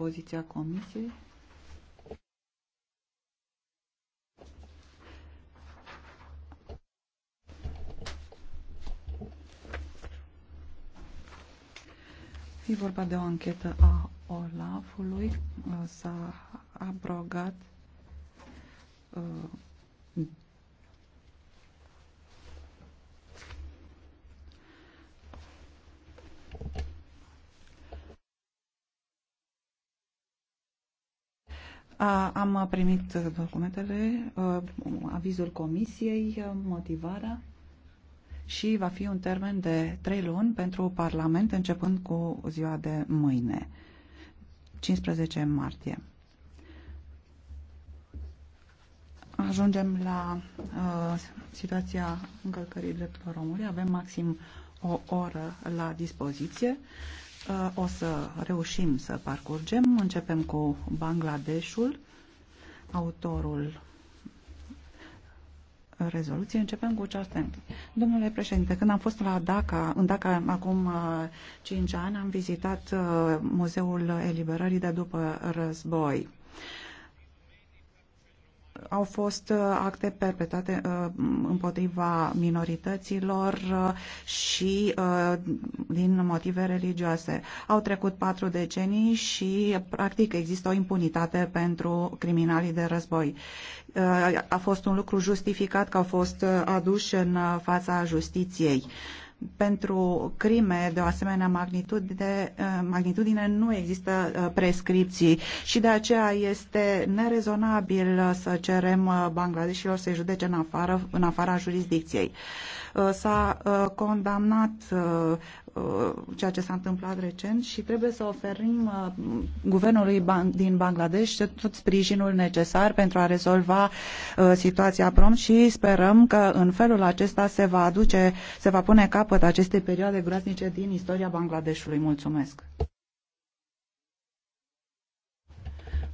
poziția comisiei? E vorba de o anchetă a Olafului. S-a abrogat uh, Am primit documentele, avizul comisiei, motivarea și va fi un termen de trei luni pentru Parlament începând cu ziua de mâine, 15 martie. Ajungem la uh, situația încălcării drepturilor omului. Avem maxim o oră la dispoziție. Uh, o să reușim să parcurgem. Începem cu Bangladeshul, autorul rezoluție. Începem cu Charles Domnule președinte, când am fost la Dhaka, în Dhaka acum 5 uh, ani, am vizitat uh, Muzeul Eliberării de după război au fost uh, acte perpetrate uh, împotriva minorităților uh, și din motive religioase. Au trecut patru decenii și practic există o impunitate pentru criminalii de război. A fost un lucru justificat că au fost aduși în fața justiției. Pentru crime de o asemenea magnitudine, eh, magnitudine nu există eh, prescripții și de aceea este nerezonabil să cerem eh, Bangladeshilor să i judece în, afară, în afara jurisdicției. Uh, s-a uh, condamnat uh, ceea ce s-a întâmplat recent și trebuie să oferim guvernului din Bangladesh tot sprijinul necesar pentru a rezolva situația prompt și sperăm că în felul acesta se va aduce, se va pune capăt acestei perioade groaznice din istoria Bangladeshului. Mulțumesc!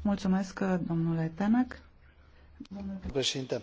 Mulțumesc, domnule Tenac. Domnule președinte,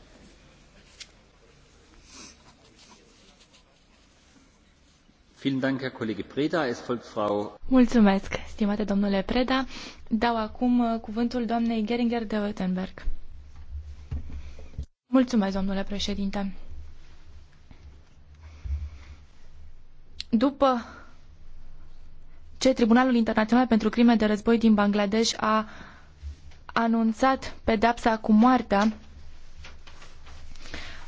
Mulțumesc, stimate domnule Preda. Dau acum uh, cuvântul doamnei Geringer de Oettenberg. Mulțumesc, domnule președinte. După ce Tribunalul Internațional pentru Crime de Război din Bangladesh a anunțat pedepsa cu moartea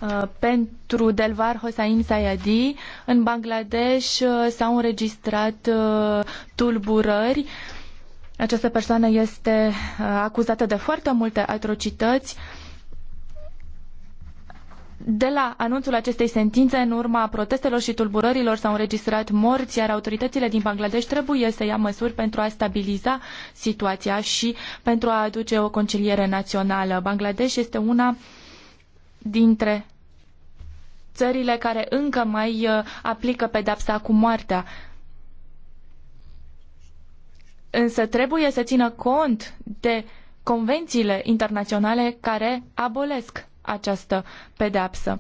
Uh, pentru Delvar Hossain Sayadi. În Bangladesh uh, s-au înregistrat uh, tulburări. Această persoană este acuzată de foarte multe atrocități. De la anunțul acestei sentințe, în urma protestelor și tulburărilor s-au înregistrat morți, iar autoritățile din Bangladesh trebuie să ia măsuri pentru a stabiliza situația și pentru a aduce o conciliere națională. Bangladesh este una dintre țările care încă mai uh, aplică pedapsa cu moartea. Însă trebuie să țină cont de convențiile internaționale care abolesc această pedapsă.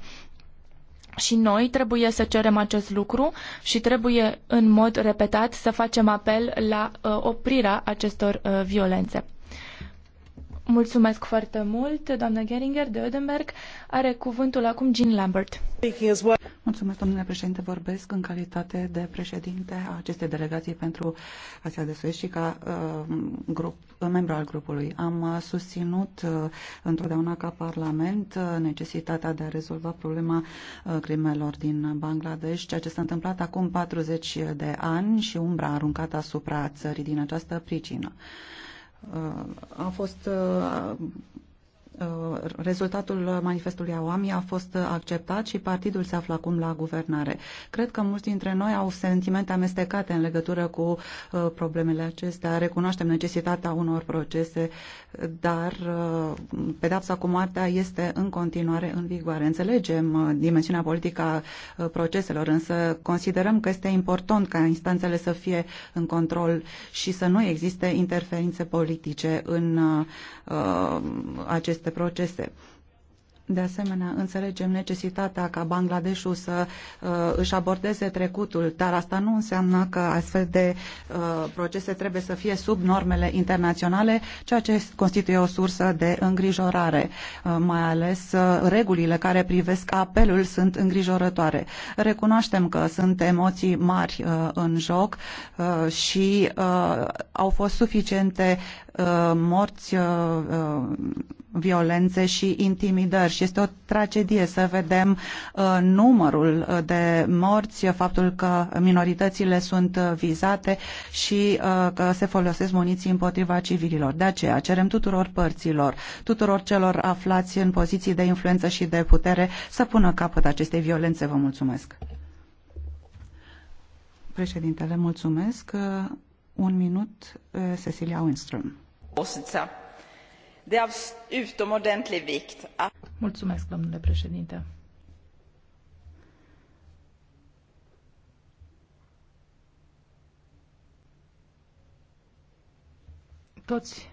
Și noi trebuie să cerem acest lucru și trebuie în mod repetat să facem apel la uh, oprirea acestor uh, violențe. Mulțumesc foarte mult, doamna Geringer de Odenberg. Are cuvântul acum Jean Lambert. Mulțumesc, domnule președinte. Vorbesc în calitate de președinte a acestei delegații pentru Asia de Suez și ca uh, grup, membru al grupului. Am uh, susținut uh, întotdeauna ca Parlament uh, necesitatea de a rezolva problema uh, crimelor din Bangladesh, ceea ce s-a întâmplat acum 40 de ani și umbra aruncată asupra țării din această pricină. Uh, Uh, Am fost uh, Uh, rezultatul manifestului Awami a fost acceptat și partidul se află acum la guvernare. Cred că mulți dintre noi au sentimente amestecate în legătură cu uh, problemele acestea. Recunoaștem necesitatea unor procese, dar uh, pedapsa cu moartea este în continuare în vigoare. Înțelegem dimensiunea politică a proceselor, însă considerăm că este important ca instanțele să fie în control și să nu existe interferințe politice în acest aceste procese. De asemenea, înțelegem necesitatea ca Bangladeshul să uh, își abordeze trecutul, dar asta nu înseamnă că astfel de uh, procese trebuie să fie sub normele internaționale, ceea ce constituie o sursă de îngrijorare. Uh, mai ales uh, regulile care privesc apelul sunt îngrijorătoare. Recunoaștem că sunt emoții mari uh, în joc uh, și uh, au fost suficiente Uh, morți, uh, uh, violențe și intimidări și este o tragedie să vedem numărul de morți, faptul că minoritățile sunt vizate și că se folosesc muniții împotriva civililor. De aceea cerem tuturor părților, tuturor celor aflați în poziții de influență și de putere să pună capăt acestei violențe. Vă mulțumesc. Președintele, mulțumesc. Un minut, uh, Cecilia Winström. Mulțumesc, domnule președinte. Toți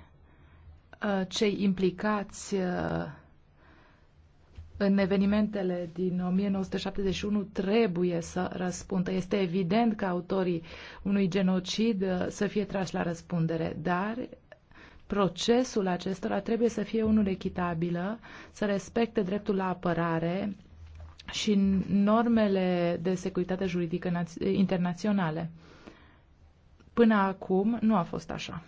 uh, cei implicați uh, în evenimentele din 1971 trebuie să răspundă. Este evident că autorii unui genocid uh, să fie trași la răspundere, dar procesul acestora trebuie să fie unul echitabil, să respecte dreptul la apărare și normele de securitate juridică internaționale. Până acum nu a fost așa.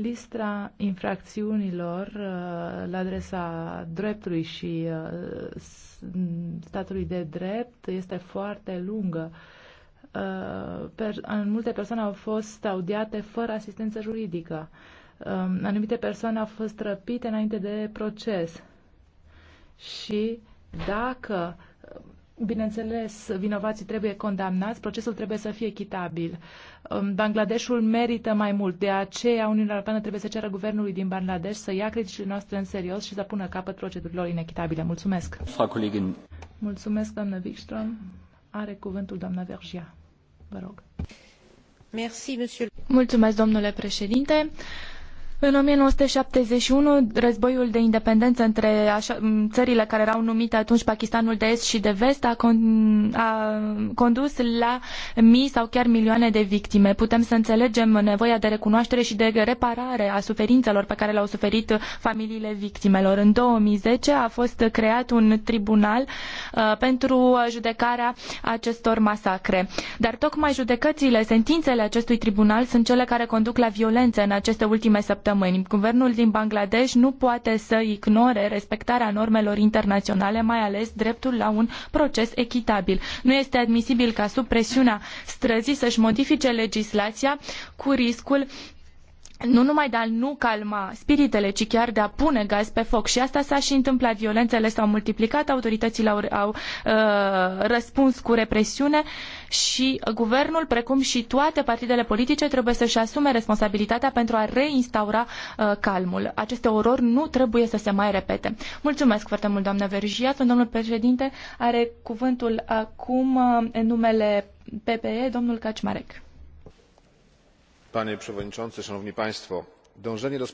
Lista infracțiunilor uh, la adresa dreptului și uh, statului de drept este foarte lungă. Uh, multe persoane au fost audiate fără asistență juridică. Um, anumite persoane au fost răpite înainte de proces. Și dacă uh, Bineînțeles, vinovații trebuie condamnați, procesul trebuie să fie echitabil. Um, Bangladeshul merită mai mult, de aceea Uniunea Europeană trebuie să ceară guvernului din Bangladesh să ia criticile noastre în serios și să pună capăt procedurilor inechitabile. Mulțumesc! Mulțumesc, doamnă Wikström. Are cuvântul doamna Vergia. Vă rog. Mulțumesc, domnule președinte. În 1971, războiul de independență între așa, țările care erau numite atunci Pakistanul de Est și de Vest a, con, a condus la mii sau chiar milioane de victime. Putem să înțelegem nevoia de recunoaștere și de reparare a suferințelor pe care le-au suferit familiile victimelor. În 2010 a fost creat un tribunal uh, pentru judecarea acestor masacre. Dar tocmai judecățile, sentințele acestui tribunal sunt cele care conduc la violențe în aceste ultime săptămâni săptămâni. Guvernul din Bangladesh nu poate să ignore respectarea normelor internaționale, mai ales dreptul la un proces echitabil. Nu este admisibil ca sub presiunea străzii să-și modifice legislația cu riscul nu numai de a nu calma spiritele, ci chiar de a pune gaz pe foc. Și asta s-a și întâmplat. Violențele s-au multiplicat, autoritățile au, au uh, răspuns cu represiune și guvernul, precum și toate partidele politice, trebuie să-și asume responsabilitatea pentru a reinstaura uh, calmul. Aceste orori nu trebuie să se mai repete. Mulțumesc foarte mult, doamnă Vergia. Domnul președinte are cuvântul acum uh, în numele PPE, domnul Cacimarec panie przewodniczący! szanowni państwo! dążenie do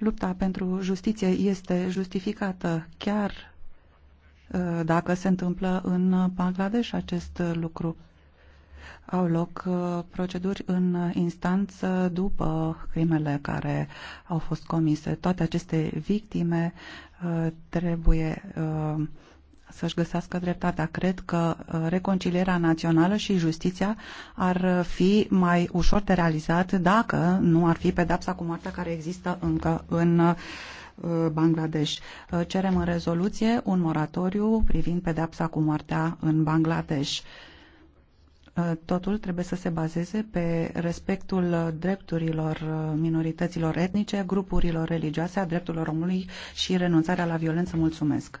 lupta pentru justiție este justificată chiar uh, dacă se întâmplă în Bangladesh acest lucru. Au loc uh, proceduri în instanță după crimele care au fost comise. Toate aceste victime uh, trebuie să-și găsească dreptatea. Cred că uh, reconcilierea națională și justiția ar uh, fi mai ușor de realizat dacă nu ar fi pedapsa cu moartea care există încă în uh, Bangladesh. Cerem în rezoluție un moratoriu privind pedapsa cu moartea în Bangladesh. Totul trebuie să se bazeze pe respectul drepturilor minorităților etnice, grupurilor religioase, a drepturilor omului și renunțarea la violență. Mulțumesc!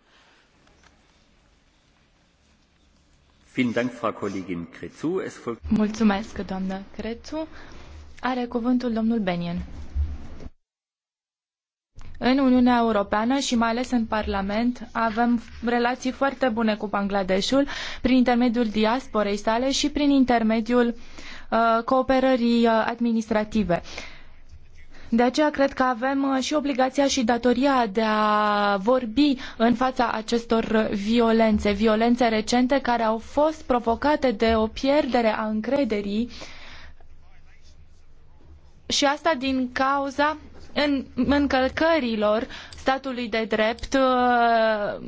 Mulțumesc, doamnă Crețu. Are cuvântul domnul Benien. În Uniunea Europeană și mai ales în Parlament avem relații foarte bune cu Bangladeshul prin intermediul diasporei sale și prin intermediul uh, cooperării uh, administrative. De aceea cred că avem uh, și obligația și datoria de a vorbi în fața acestor violențe, violențe recente care au fost provocate de o pierdere a încrederii și asta din cauza în încălcărilor statului de drept uh,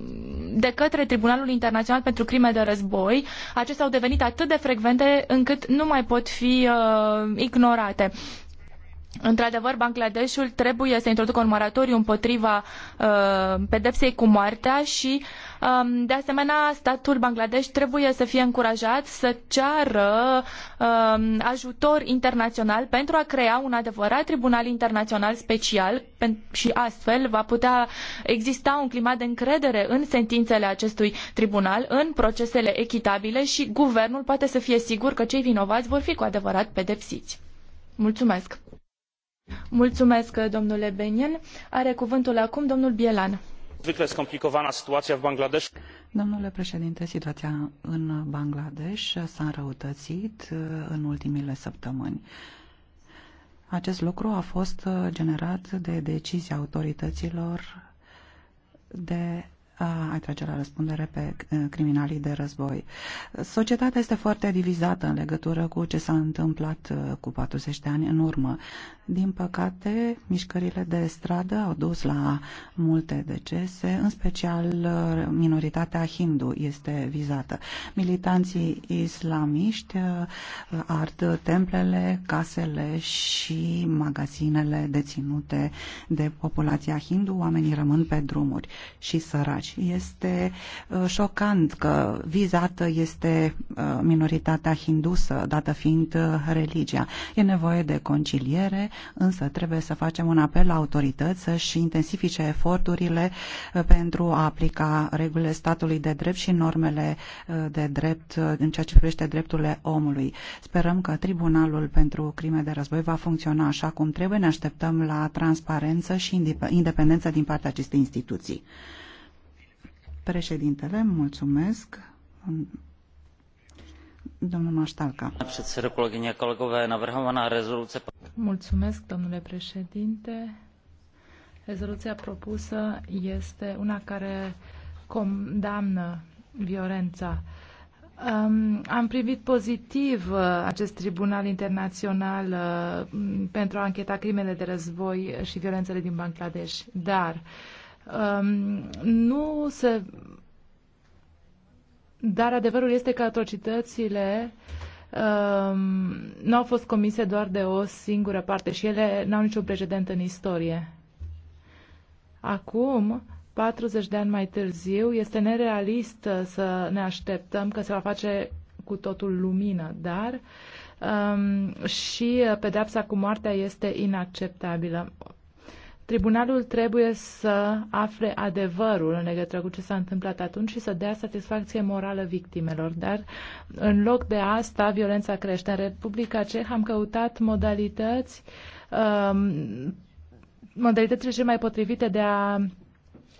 de către Tribunalul Internațional pentru Crime de Război. Acestea au devenit atât de frecvente încât nu mai pot fi uh, ignorate. Într-adevăr, Bangladeshul trebuie să introducă un moratoriu împotriva uh, pedepsei cu moartea și, um, de asemenea, statul Bangladesh trebuie să fie încurajat să ceară um, ajutor internațional pentru a crea un adevărat tribunal internațional special și astfel va putea exista un climat de încredere în sentințele acestui tribunal, în procesele echitabile și guvernul poate să fie sigur că cei vinovați vor fi cu adevărat pedepsiți. Mulțumesc! Mulțumesc, domnule Benien. Are cuvântul acum domnul Bielan. Zwykle skomplikowana sytuacja w Bangladesh. Domnule președinte, situația în Bangladesh s-a înrăutățit uh, în ultimile săptămâni. Acest lucru a fost uh, generat de decizia autorităților de ai trage la răspundere pe criminalii de război. Societatea este foarte divizată în legătură cu ce s-a întâmplat cu 40 de ani în urmă. Din păcate, mișcările de stradă au dus la multe decese, în special minoritatea hindu este vizată. Militanții islamiști ard templele, casele și magazinele deținute de populația hindu, oamenii rămân pe drumuri și săraci aici. Este uh, șocant că vizată este uh, minoritatea hindusă, dată fiind uh, religia. E nevoie de conciliere, însă trebuie să facem un apel la autorități să-și intensifice eforturile pentru a aplica regulile statului de drept și normele de drept în ceea ce privește drepturile omului. Sperăm că Tribunalul pentru Crime de Război va funcționa așa cum trebuie. Ne așteptăm la transparență și independență din partea acestei instituții. Președintele, mulțumesc. Domnul Maștalca. Mulțumesc, domnule președinte. Rezoluția propusă este una care condamnă violența. Um, am privit pozitiv uh, acest tribunal internațional uh, pentru a încheta crimele de război și violențele din Bangladesh, dar uh, Um, nu se... Dar adevărul este că atrocitățile um, nu au fost comise doar de o singură parte și ele nu au niciun precedent în istorie. Acum, 40 de ani mai târziu, este nerealist să ne așteptăm că se va face cu totul lumină, dar um, și uh, pedepsa cu moartea este inacceptabilă. Tribunalul trebuie să afle adevărul în legătură cu ce s-a întâmplat atunci și să dea satisfacție morală victimelor. Dar, în loc de asta, violența crește. În Republica Ceh am căutat modalități, um, modalitățile cele mai potrivite de a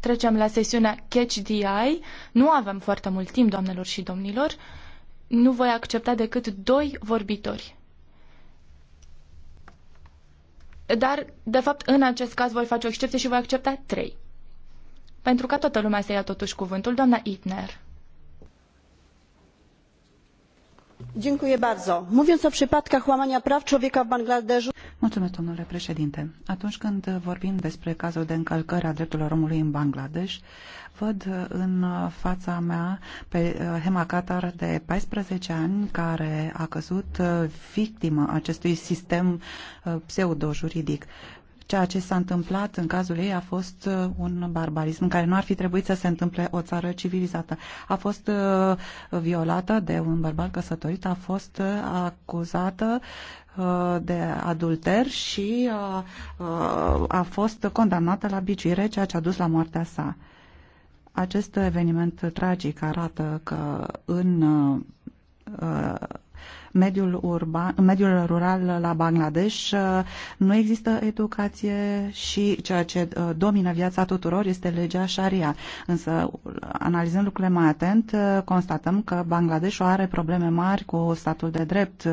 Trecem la sesiunea Catch the Eye. Nu avem foarte mult timp, doamnelor și domnilor. Nu voi accepta decât doi vorbitori. Dar, de fapt, în acest caz voi face o excepție și voi accepta trei. Pentru ca toată lumea să ia totuși cuvântul, doamna Itner. Mówiąc o przypadkach łamania praw człowieka w Bangladeszu. domnule președinte. Atunci când vorbim despre cazul de încălcări a drepturilor omului în Bangladesh, văd în fața mea pe eh, Hema Qatar de 14 ani, care a căzut eh, victimă acestui sistem eh, pseudo-juridic. Ceea ce s-a întâmplat în cazul ei a fost uh, un barbarism care nu ar fi trebuit să se întâmple o țară civilizată. A fost uh, violată de un bărbat căsătorit, a fost uh, acuzată de adulter și a fost condamnată la biciuire, ceea ce a dus la moartea sa. Acest eveniment tragic arată că în mediul, urban, în mediul rural la Bangladesh uh, nu există educație și ceea ce uh, domină viața tuturor este legea Sharia. Însă, analizând lucrurile mai atent, uh, constatăm că Bangladeshul are probleme mari cu statul de drept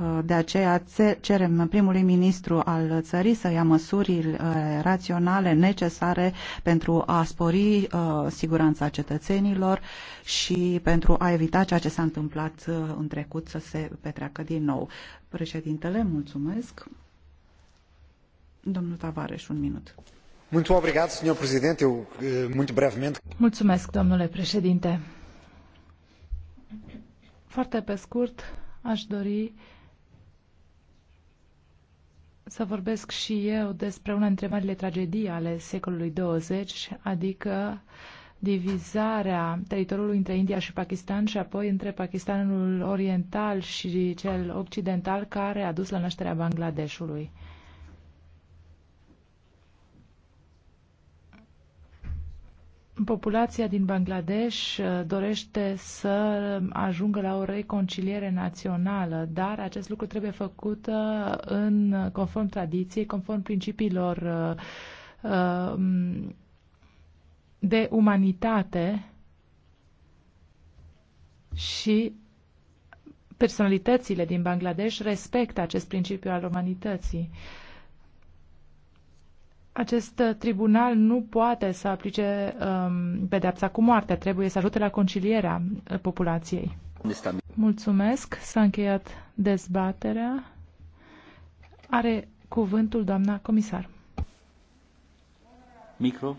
Uh, de aceea cerem primului ministru al țării să ia măsuri uh, raționale necesare pentru a spori uh, siguranța cetățenilor și pentru a evita ceea ce s-a întâmplat în trecut să se petreacă din nou. Președintele, mulțumesc. Domnul Tavares, un minut. Mulțumesc, domnule președinte. Foarte pe scurt, aș dori să vorbesc și eu despre una dintre marile tragedii ale secolului 20, adică divizarea teritoriului între India și Pakistan și apoi între Pakistanul oriental și cel occidental care a dus la nașterea Bangladeshului. Populația din Bangladesh uh, dorește să ajungă la o reconciliere națională, dar acest lucru trebuie făcut uh, în conform tradiției, conform principiilor uh, um, de umanitate și personalitățile din Bangladesh respectă acest principiu al umanității. Uh, acest uh, tribunal nu poate să aplice um, pedeapsa cu moartea, trebuie să ajute la concilierea uh, populației. Mulțumesc, s-a încheiat dezbaterea. Are cuvântul doamna comisar. Micro.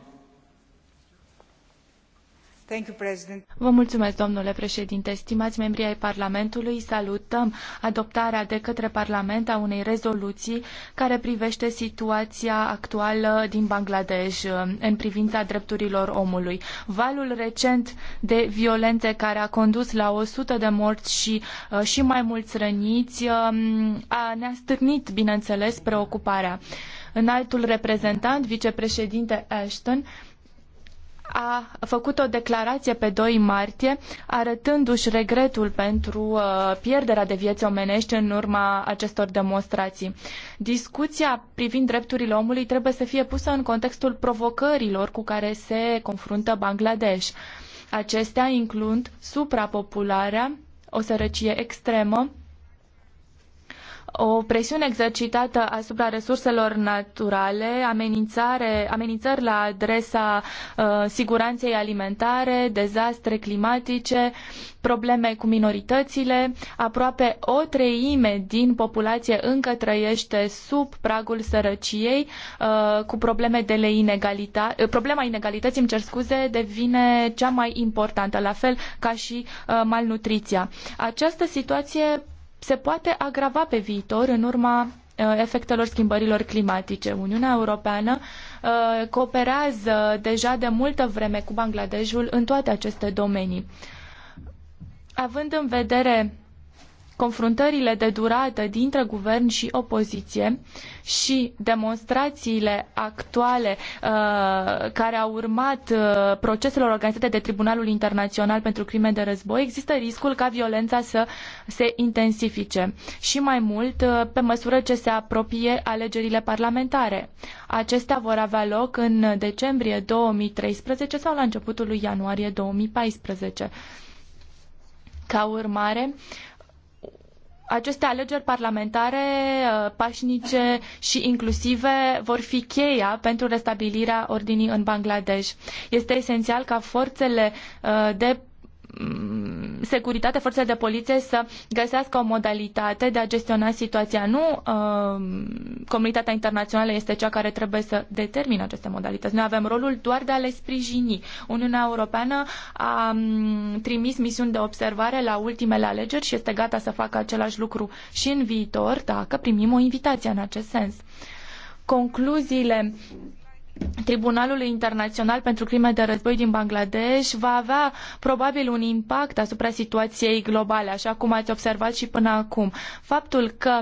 Vă mulțumesc, domnule președinte. Stimați membri ai Parlamentului, salutăm adoptarea de către Parlament a unei rezoluții care privește situația actuală din Bangladesh în privința drepturilor omului. Valul recent de violențe care a condus la 100 de morți și, uh, și mai mulți răniți um, a, ne-a stârnit, bineînțeles, preocuparea. Înaltul reprezentant, vicepreședinte Ashton, a făcut o declarație pe 2 martie arătându-și regretul pentru uh, pierderea de vieți omenești în urma acestor demonstrații. Discuția privind drepturile omului trebuie să fie pusă în contextul provocărilor cu care se confruntă Bangladesh. Acestea includ suprapopularea, o sărăcie extremă, o presiune exercitată asupra resurselor naturale, amenințare, amenințări la adresa uh, siguranței alimentare, dezastre climatice, probleme cu minoritățile. Aproape o treime din populație încă trăiește sub pragul sărăciei, uh, cu probleme de inegalitate. Uh, problema inegalității, îmi cer scuze, devine cea mai importantă, la fel ca și uh, malnutriția. Această situație se poate agrava pe viitor în urma uh, efectelor schimbărilor climatice. Uniunea Europeană uh, cooperează deja de multă vreme cu Bangladeshul în toate aceste domenii. Având în vedere confruntările de durată dintre guvern și opoziție și demonstrațiile actuale uh, care au urmat uh, proceselor organizate de Tribunalul Internațional pentru Crime de Război, există riscul ca violența să se intensifice și mai mult uh, pe măsură ce se apropie alegerile parlamentare. Acestea vor avea loc în decembrie 2013 sau la începutul lui ianuarie 2014. Ca urmare, aceste alegeri parlamentare uh, pașnice și inclusive vor fi cheia pentru restabilirea ordinii în Bangladesh. Este esențial ca forțele uh, de Mm, securitate, forțele de poliție să găsească o modalitate de a gestiona situația. Nu uh, comunitatea internațională este cea care trebuie să determine aceste modalități. Noi avem rolul doar de a le sprijini. Uniunea Europeană a mm, trimis misiuni de observare la ultimele alegeri și este gata să facă același lucru și în viitor, dacă primim o invitație în acest sens. Concluziile Tribunalul Internațional pentru Crime de Război din Bangladesh va avea probabil un impact asupra situației globale, așa cum ați observat și până acum. Faptul că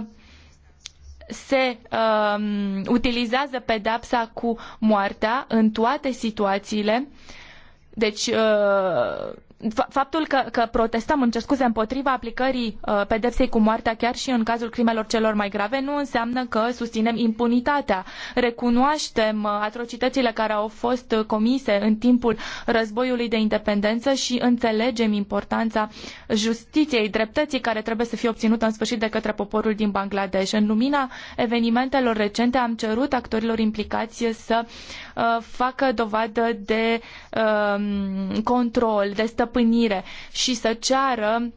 se um, utilizează pedapsa cu moartea în toate situațiile, deci uh, faptul că, că protestăm, îmi cer scuze, împotriva aplicării uh, pedepsei cu moartea chiar și în cazul crimelor celor mai grave nu înseamnă că susținem impunitatea. Recunoaștem uh, atrocitățile care au fost uh, comise în timpul războiului de independență și înțelegem importanța justiției, dreptății care trebuie să fie obținută în sfârșit de către poporul din Bangladesh. În lumina evenimentelor recente am cerut actorilor implicați să uh, facă dovadă de uh, control, de stăpânire stăpânire și să ceară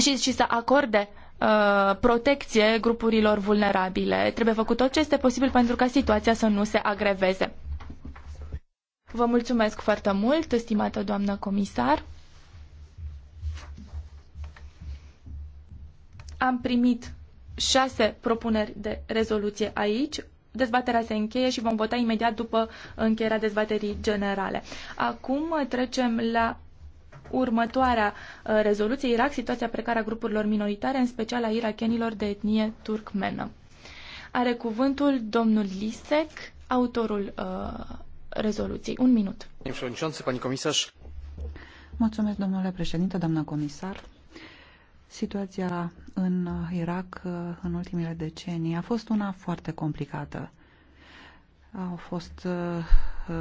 și, și să acorde uh, protecție grupurilor vulnerabile. Trebuie făcut tot ce este posibil pentru ca situația să nu se agreveze. Vă mulțumesc foarte mult, stimată doamnă comisar. Am primit șase propuneri de rezoluție aici. Dezbaterea se încheie și vom vota imediat după încheierea dezbaterii generale. Acum trecem la următoarea uh, rezoluție, Irak, situația precară a grupurilor minoritare, în special a irakenilor de etnie turcmenă. Are cuvântul domnul Lisek, autorul uh, rezoluției. Un minut. Mulțumesc, domnule președinte, doamna comisar. Situația în uh, Irak uh, în ultimele decenii a fost una foarte complicată. Au fost